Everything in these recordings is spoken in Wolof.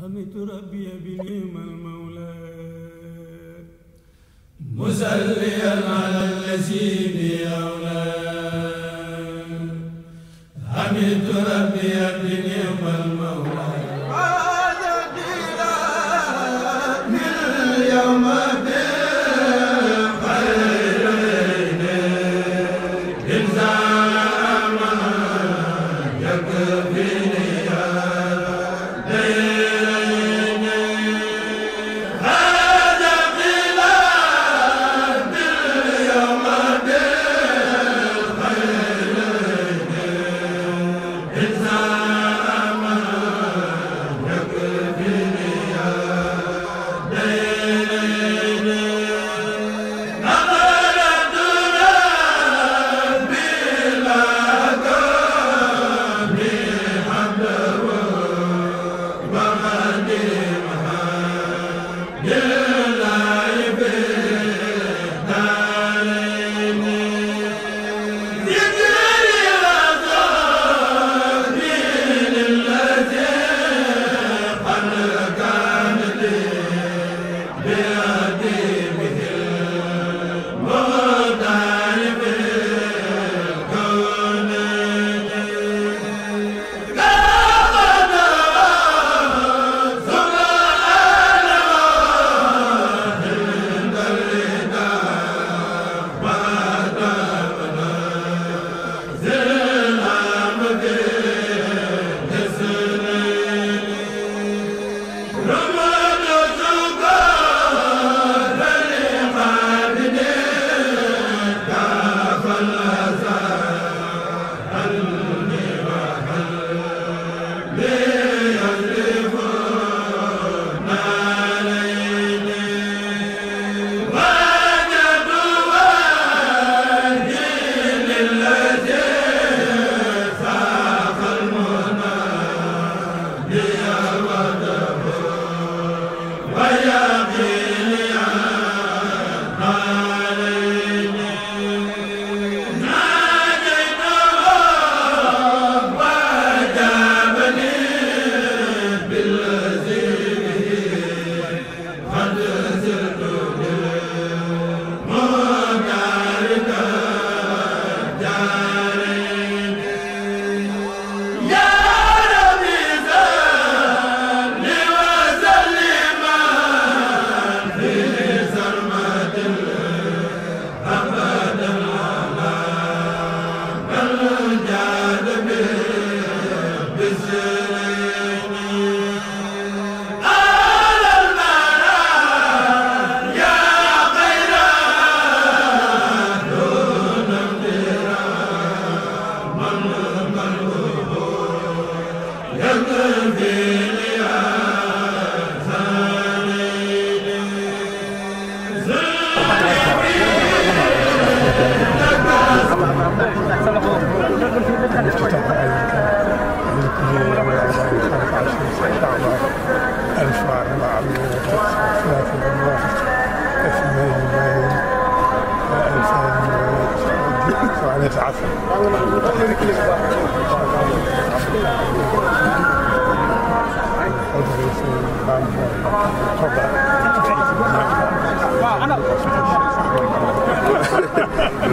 حمدت ربي بنعم المولى مسليا على الذي بي أولى حمدت ربي بنعم المولى Yeah. وأن يتعافى تفضل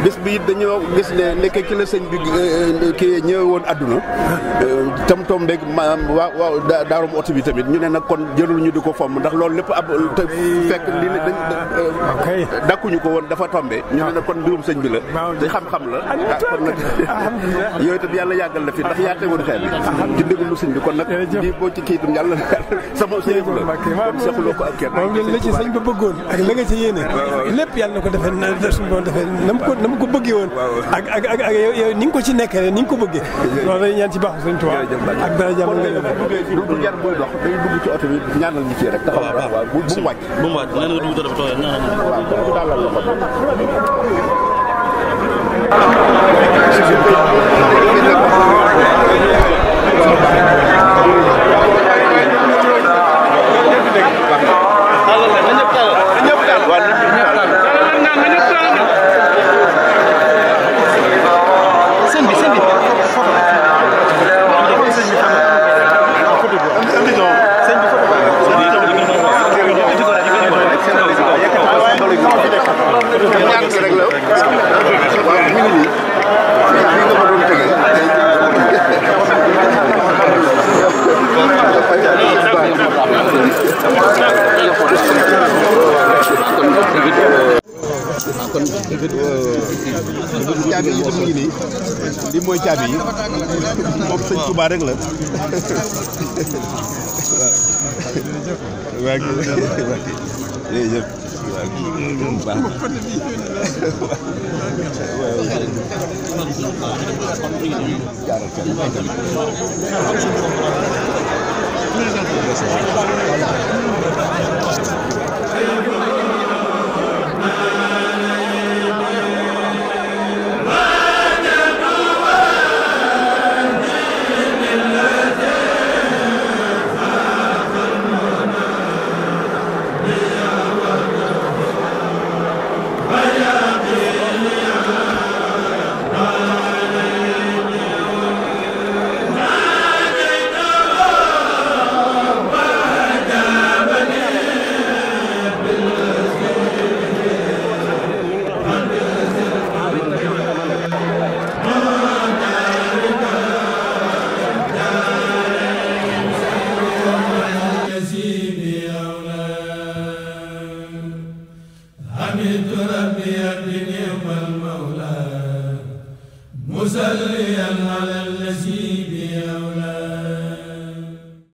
bis bi it dañoo gis ne nekk ki la sëñ bi eh, eh, kii ñëwee woon àdduna eh, tam tom beeg maanaam waaw waaw daarum oto bi tamit ñu ne nag kon jërul ñu di ko fomm ndax loolu lépp ab te fekk li ne dañ dakkuñu ko woon dafa tombe ñu ne nag kon mbirum sëñ bi la te xam-xam la ah, kon yooyu tam yàlla yàggal la fi ndax yaa tegoon xel bi bi kon nag di boo ci kii itam yàlla sama sëñ la kon sequloo ko ak kenn yéene lépp yal na ko defee na suñu borom defee na mu ko na mu ko bëggee woon ak ak ni nga ko ci nekkee ni nga ko bëggee loolu dañuy ñaan ci baax Sëriñ Tuubaa ak dara jàmm nga du jar buy dox dañuy dugg ci oto bi ñaanal ñu ci rek taxaw waaw bu na dugg oto bi kon caabi yi itam ngi nii li mooy caabi yi moom sëñ Touba rek la waaw jërëjëf waaw